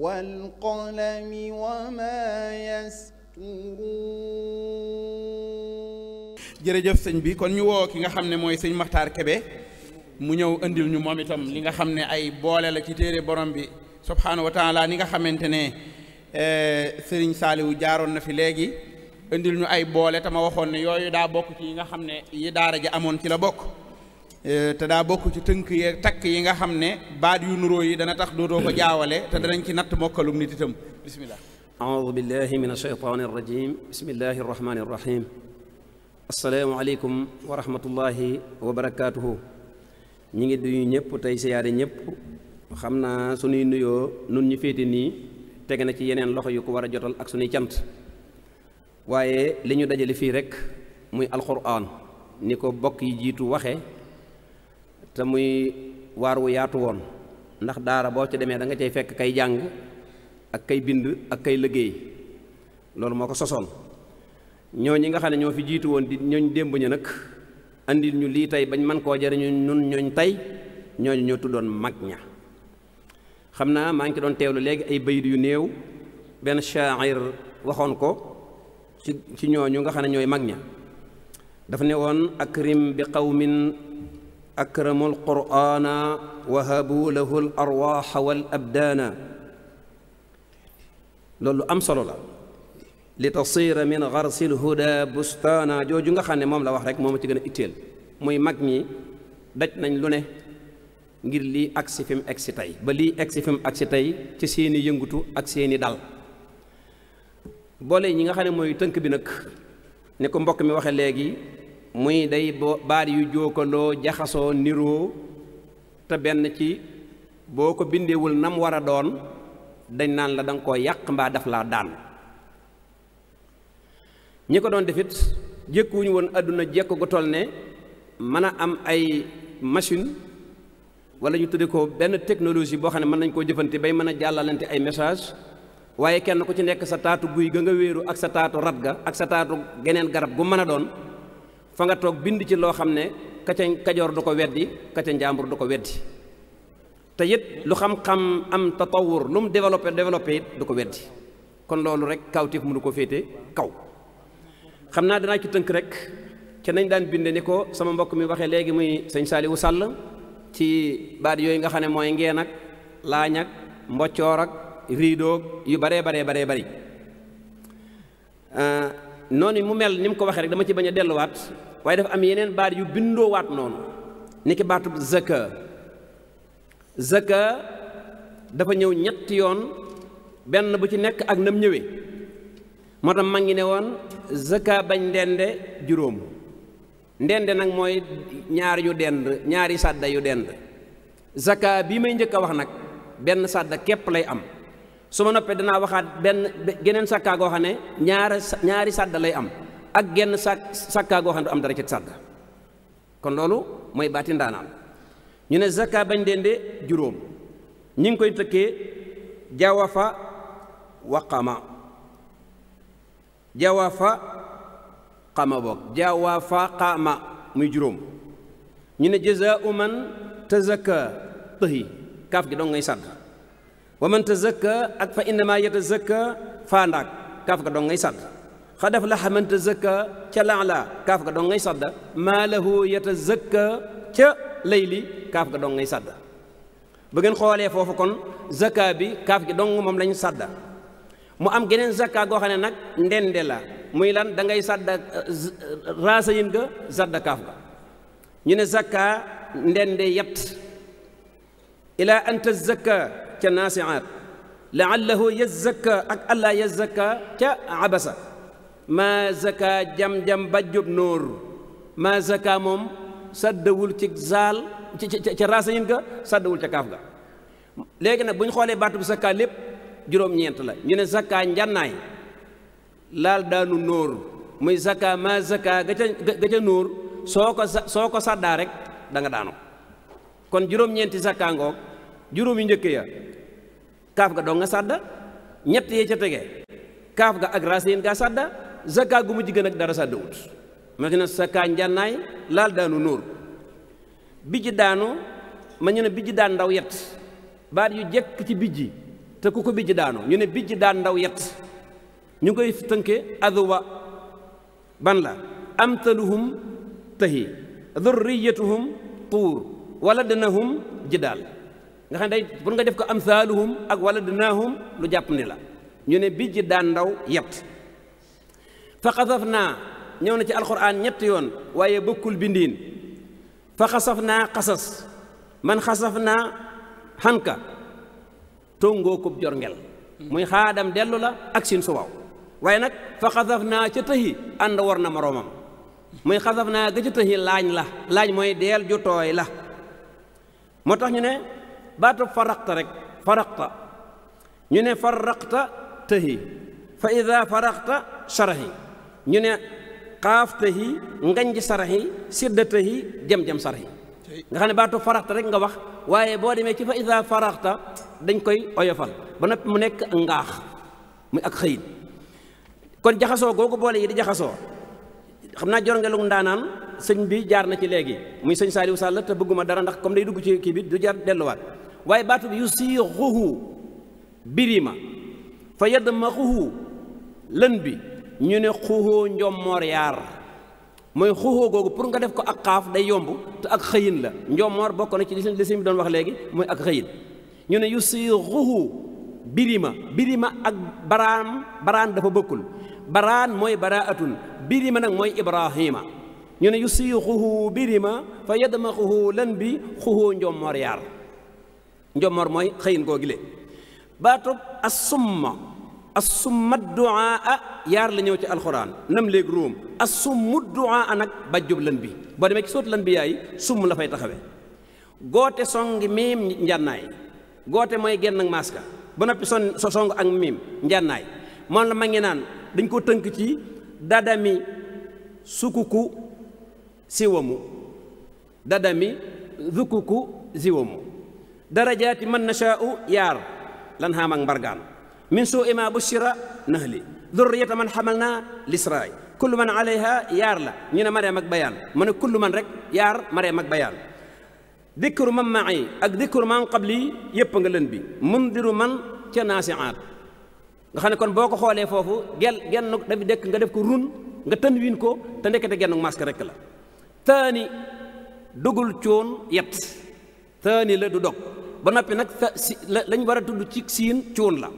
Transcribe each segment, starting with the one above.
والقلم وما يسطرون jërëjëf sëñ bi kon ñu woo ki nga xam ne mooy sëñ Maxtaar Kebe mu ñëw indil ñu moom itam li nga xam ne ay boole la ci téere borom bi subhaanahu wa ni nga xamante ne eh, sëriñ Saaliwu jaaroon na fi léegi indil ñu ay boole tama waxoon ne yooyu daa bokk yi nga xam ne yi daara ji amoon ci la bokk Eh, te daa bokk ci tënk yeeg takk yi nga xam ne baat yu nuroo yi dana tax dootoo ko jaawale te danañ ci natt mokkalum nit itam bismillah aoudu billahi min alsheytaani arrajim bismillahi arrahmani arrahim asalaamu aleykum wa rahmatullahi wa barakaatuhu ñi ngi duyu ñëpp tey siyaare ñëpp xam naa sunuy nuyoo nun ñu féete nii teg na ci yeneen loxo yu ko war a jotal ak sunuy cant waaye li ñu dajale fii rek muy alquran ni ko bokk yi jiitu waxe te muy waar wu yaatu woon ndax daara boo ci demee da nga cay fekk kay jàng ak kay bind ak kay liggéey loolu moo ko sosoon ñoo ñi nga xam ne ñoo fi jiitu woon di ñooñ démb ña nag andil ñu lii tey bañ man koo jariñu ñun ñooñ tey ñooñu ñoo tuddoon mag ña xam naa maa ngi ci doon teewlu léegi ay bayit yu néew benn shaa'ir waxoon ko ci ci ñooñu nga xam ne ñooy mag ña dafa ne woon akrim bi qawmin akramu alqur'ana wahabu lahu al arwaxa wal abdaana loolu am solo la li tasira min garsil huda bustaana jooju nga xam ne moom la wax rek moom ci gën a itteel muy mag ñi daj nañ lu ne ngir lii agsi fi mu agsi tey ba lii agsi fi mu agsi tey ci seeni yëngutu ak seeni dal boole ñi nga xam ne mooy tënk bi nag ne ko mbokk mi waxe léegi muy day boo baat yu jóokaloo jaxasoo niroo te benn ci boo ko bindewul nam war a doon dañ naan la danga koo yàq mbaa def laa daan ñi ko doon defit jékkuwuñu woon àdduna jekk gu toll ne mën a am ay machine wala ñu tudde ko benn technologie boo xam ne mën nañ koo jëfante bay mën a jàllalante ay message waaye kenn ku ci nekk sa taatu guy ga nga wéeru ak sa taatu rat ga ak sa taatu geneen garab gu mën a doon fa nga toog bind ci loo xam ne kaca kajoor du ko weddi kaca njaambur du ko weddi te it lu xam-xam am tatawur lu mu développé développé du ko weddi kon loolu rek mu mënu ko féete kaw xam naa danaa ci tënk rek ca nañ daan binde ni ko sama mbokk mi waxee léegi muy sëñ Saliou sàll ci baat yooyu nga xam ne mooy ngeen ak laañ ak mboccoor ak riidoog yu baree baree baree bari euh, noonu mu mel ni mu ko waxee rek dama ci bañ a delluwaat waaye dafa am yeneen baat yu bindoo waat noonu ni ki baatub zaka zaka dafa ñëw ñett yoon benn bu ci nekk ak nam ñëwee moo tax ma ngi ne woon zaka bañ ndende juróom ndende nag mooy ñaar yu dend ñaari sàdda yu dend zaka bii may njëkk a wax nag benn sàdda képp lay am su ma noppee danaa waxaat benn geneen sàkkaa goo xam ne ñaar ñaari sàdda lay am ak genn sàkk sàkkaa goo xam du am dara ci sàgg kon loolu mooy baati ndaanaan ñu ne zakka bañ dende juróom ñu ngi koy tëkkee jawafa waqama jawafa qama boog jawafa qama muy juróom ñu ne jazaau man tazakka tëhi kaaf gi dong ngay sàdd wa man tazakka ak fa innama yatazakka faandaak kaaf ga dong ngay sàdd xad la man tazakka ca laala kaaf ga dong ngay sadda maa lahu yatazakka ca lay layli kaaf ga dong ngay sadda bu ngeen xoolee foofu kon zakka bi kaaf gi dong moom lañu sadda mu am geneen zakka goo xam ne nag ndende la muy lan da ngay sadda euh, raasa yin ga sadda kaaf ga ñu ne zakka ndende yat ila an tazakka ca naasiaat laallahu yazakka ak allah yazakka ca abasa ma saka jam-jam bajjub nóor maa zaka moom saddawul ci zaal ci ca raasayin ga saddawul ca kaaf ga léegi nag bu ñu xoolee baatu bi saka lépp juróom-ñeent la ñu ne zakka njannaay laal daanu nóor muy zakka maa zakka ga ca ga ca nóor soo ko soo ko sàddaa rek danga nga daanu kon juróom-ñeenti zakka ngoog juróom njëkk ya kaaf ga doo nga sàdda ñett yee ca tege kaaf ga ak raasayin gaa sàdda zakka gu mu jigéen ak dara sàddawut ma ne sakka njànnaay laal daanu nóor bijj daanu ma ñu ne bijj daan ndaw yet baat yu jekk ci bijji te ku ko bijj daanu ñu ne bijj daan ndaw yet ñu koy tënke adwa ban la amtaluhum tahi dhurriyatuhum tuur wala danahum jidaal nga xam day pour nga def ko am amsaaluhum ak wala danahum lu jàpp ni la ñu ne bijj daan ndaw yet fa xasaf naa ñëw na ci alxuraan ñetti yoon waaye bokkul bindiin fa xasaf naa xasas man xasaf naa xanka tongoo kub jorngel muy xaadam dellu la ak sin subaw waaye nag fa xasaf naa ca tëhi ànd war na moroomam muy xasaf naa ga ca tëhi laañ la laañ mooy deel ju tooy la moo tax ñu ne baatu faraqta rek faraqta ñu ne faraqta tëhi fa ida faraqta sharahi ñu ne xaaftahi nganj sarahi siddatahi jam-jam sarahi nga xam ne baatu faraxta rek nga wax waaye boo demee ci fa isa faraxta dañ koy oyofal ba noppi mu nekk ngaax muy ak xëyit kon jaxasoo googu boole yi di jaxasoo xam naa jorngelug ndaanaan sëñ bi jaar na ci léegi muy sëñ Saliou Sall te bëgguma dara ndax comme day dugg ci kii bi du jar delluwaat waaye baatu bi yu siixuhu birima fa yadmaxuhu lën bi ñu ne xuuxoo njommoor yaar mooy xuuxoo googu pour nga def ko ak xaaf day yomb te ak xëyin la njommoor bokk na ci li sëñ bi doon wax léegi mooy ak xëyin ñu ne yu si xuuxu birima birima ak baraan baraan dafa bokkul baraan mooy baraatun birima nag mooy ibrahima ñu ne yu si xuuxu birima fa yadma xuuxu lan bi xuuxoo njommoor yaar njommoor mooy xëyin googu le baatub asumma assumma duaa yaar la ñëw ci alxuraan nam léeg ruum assummu duaa nag bàjjub lan bi boo demee ci sóotu lan bi yaay summ la fay taxawe goote song miim njànnaay goote mooy genn ak maaska ba noppi son song ak miim njànnaay moom la ma ngi naan dañ ko tënk ci dadami sukuku siwamu dadami zukuku siwamu darajaati man nashaa'u yaar lan xaam ak mbargaan min suu ima bushira nahli dhurriyata man xamal naa lisraay kullu man alayha yaar la ñu ne mareem mag bayaan mu ne kullu man rek yaar mareem mag bayaan dikru man maay ak dikru man qabli yëpp nga lën bi mundiru man ca naasiaat nga xam ne kon boo ko xoolee foofu gel genn dafi dëkk nga def ko run nga tën win ko te ndekkete genn masque rek la taani dugul coon yet taani la du dog ba noppi nag si lañ war a tudd ci siin coon la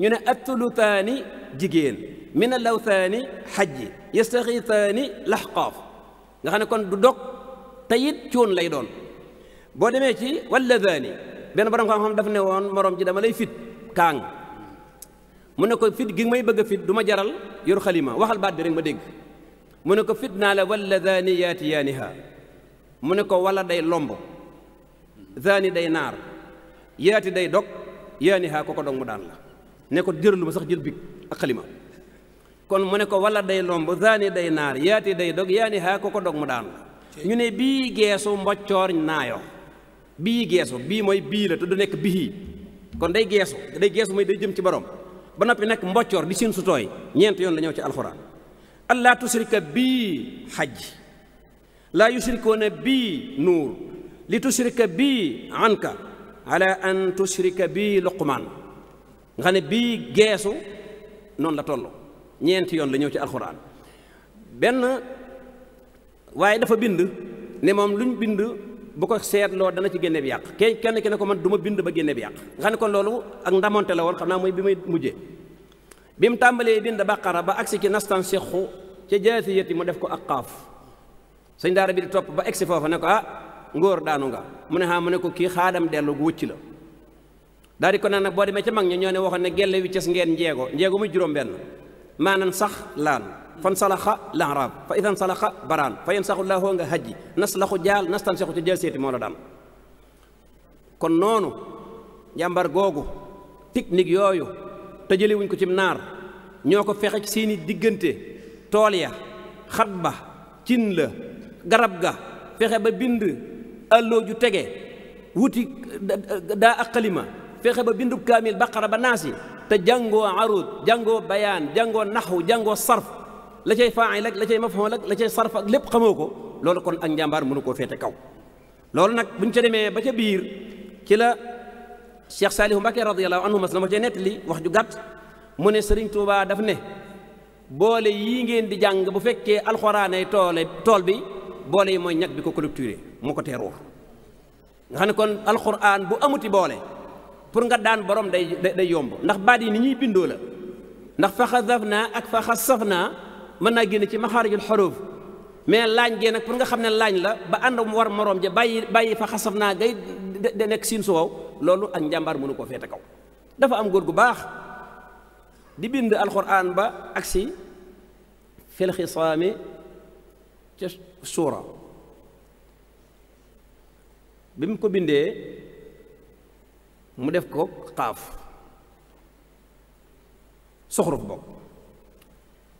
ñu ne athuluthaani jigéen min alawthaani xajji yastaxiithaani laxqaaf nga xam ne kon du dog te it cuun lay doon boo demee ci walladaani benn borom xam-xam daf ne woon morom ji dama lay fitt kaang mu ne ko fit gi may bëgg a fit du ma jaral yor waxal baat bi rek ma dégg mu ne ko fit naa la walladaani yaatiyaaniha mu ne ko walla day lomb zaani day naar yaati day dog yaaniha ko ko dog mu daan la ne ko jëralu ma sax jël bi ak xalima kon mu ne ko wala day lomb zaani day naar yaati day dog yaani haa ko ko dog mu daanu ñu ne bii geesu mboccoor naayo bii geesu bii mooy bii la te du nekk bii kon day geesu day geesu mooy day jëm ci borom ba noppi nekk mboccoor di siin su tooy ñeent yoon la ci alxuraan allah tusrika bii xaj laa yusrikoona bii nuur li tusrika bii anka ala an tusrika bii luqmaan nga ne bii geesu noonu la toll ñeenti yoon la ñëw ci alxuraan benn waaye dafa bind ne moom luñ bind bu ko seetloo dana ci génne bi yàq kenn kenn ki ne ko man du ma bind ba génne bi yàq nga ne kon loolu ak ndamonte la woon xam naa mooy bi may mujjee bi mu tàmbalee bind baqara ba agsi ci nastan sixu ca jaasiyati mu def ko ak xaaf sëñ daara bi di topp ba egsi foofa ne ko ah ngóor daanu nga mu ne xaa mu ne ko kii xaadam dellu gu wëcc la daal di ko naan nag boo demee ca mag ña ñoo ne waxoon ne gelle wi ces ngeen njeego njeego muy juróom-benn maanaam sax laan fan salaxa laaraab fa idan salaxa baraan fa yen saxu laahoo nga hajji nas laxu jaal nas tan saxu ca jël seeti moo la daan kon noonu jàmbar googu technique yooyu te jëlewuñ ko ci naar ñoo ko fexe ci seeni diggante tool ya xat ba cin la garab ga fexe ba bind alloo ju tege wuti daa ak xalima fexe ba bindu kaamil baqara ba naasi te jàngoo arud jàngoo bayaan jàngoo naxwu jàngoo sarf la cay faa'il ak la cay maf'uul ak la cay sarf lépp xamoo ko loolu kon ak njàmbaar mënu koo féete kaw loolu nag buñ ca demee ba ca biir ci la Cheikh Saalihu Mbacke radiyallahu anhu mas na ma cee nettali wax ju gàtt mu ne Serigne Touba daf ne boole yii ngeen di jàng bu fekkee alxuraanay toole tool bi boole yi mooy ñag bi ko clôturé moo ko teeroo nga xam ne kon alxuraan bu amuti boole pour nga daan borom day day yomb ndax baat yi ni ñuy bindoo la ndax fa xasaf naa ak fa xasaf naa mën naa génn ci maxaarijul xaroof mais laañ génn pour nga xam ne laañ la ba ànd mu war moroom ja bàyyi bàyyi fa xasaf naa gay de nekk siin su loolu ak njàmbaar mënu ko feete kaw dafa am góor gu baax di bind alxuraan ba agsi fil xisaami ca suura bi mu ko bindee mu def ko xaaf soxruf bokk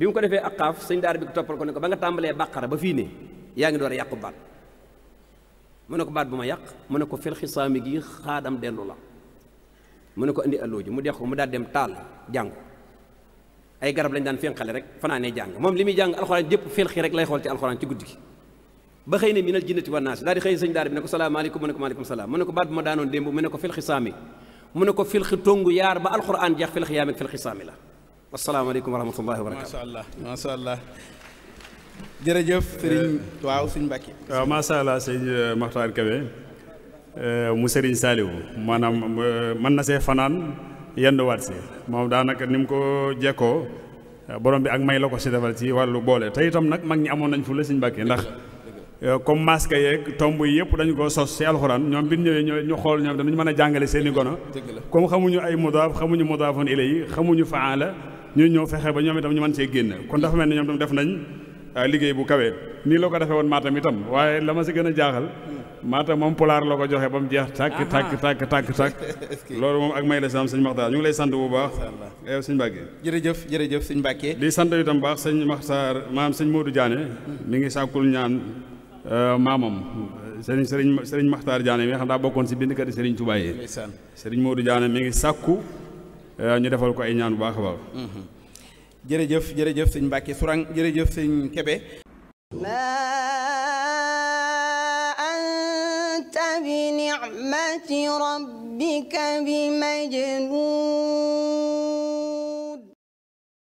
bi mu ko defee ak xaaf sëñ daara bi toppal ko ne ko ba nga tàmbalee bàqara ba fii ne yaa ngi door a yàqu baat mu ne ko baat bu ma yàq mu ne ko fel xisaami gi xaadam dellu la mu ne ko indi allooji mu dex ko mu daal dem taal jàngu ay garab lañ daan fénqale rek fanaanee jàng moom li muy jàng alxuraan jëpp fel rek lay xool ci alxuraan ci guddi gi ba xëy ne minal jinnati wan naas daal di xëy sëñ daara bi ne ne ko maaleykum salaam mu ne ko baat bu ma daanoon démb mu mu ne ko filxi tongu yaar ba alquran jeex filxi yaam ak filxi saami la asalaamaaleykum wa rahmatullahi wa allah macha allah jërëjëf eh. waaw sëñ Mbacke waaw allah sëñ euh, Makhtar Kébé euh, mu sëriñ maanaam euh, mën na see fanaan yenduwaat moom daanaka ni ko jekkoo borom bi la ko si defal ci wàllu boole te itam nag mag ñi amoon nañ fu la sëñ ndax Euh, comme masque yee tomb yi yëpp dañu ko sos si alxuraan ñoom bi ñëwee ñu xool ñoom danañu mën a jàngale seen i gono comme xamuñu ay mudaaf xamuñu mudaafoon ilayhi xamuñu faala ñu ñëw fexe ba ñoom itam ñu mën see génn kon dafa mel ne ñoom itam def nañ euh, liggéey bu kawee nii la ko defee woon maatam itam waaye la ma si gën a jaaxal maatam moom pulaar la ko joxe ba mu jeex tàkk tàkk tàkk tàkk tàkk loolu moom ak may la sam sëñ Maxtaar ñu ngi lay sant bu baax yow sëñ Mbàkke jërëjëf jërëjëf sëñ Mbàkke di sant itam baax sëñ Maxtaar maam sëñ Modou Diané hmm. mi ngi sàkkul ñaan Euh, maamam sëriñ sëriñ sëriñ Maxtaar Jaane mi nga xam daa bokkoon si bindkat yi sëriñ Tuubaa yi Moodu Jaane mi ngi sàkku euh, ñu defal ko ay ñaan bu baax a baax mhm. jërëjëf jërëjëf sëñ Mbàkke Sourang jërëjëf sëñ Kebe maa anta bi ni'mati rabbika bi majnuun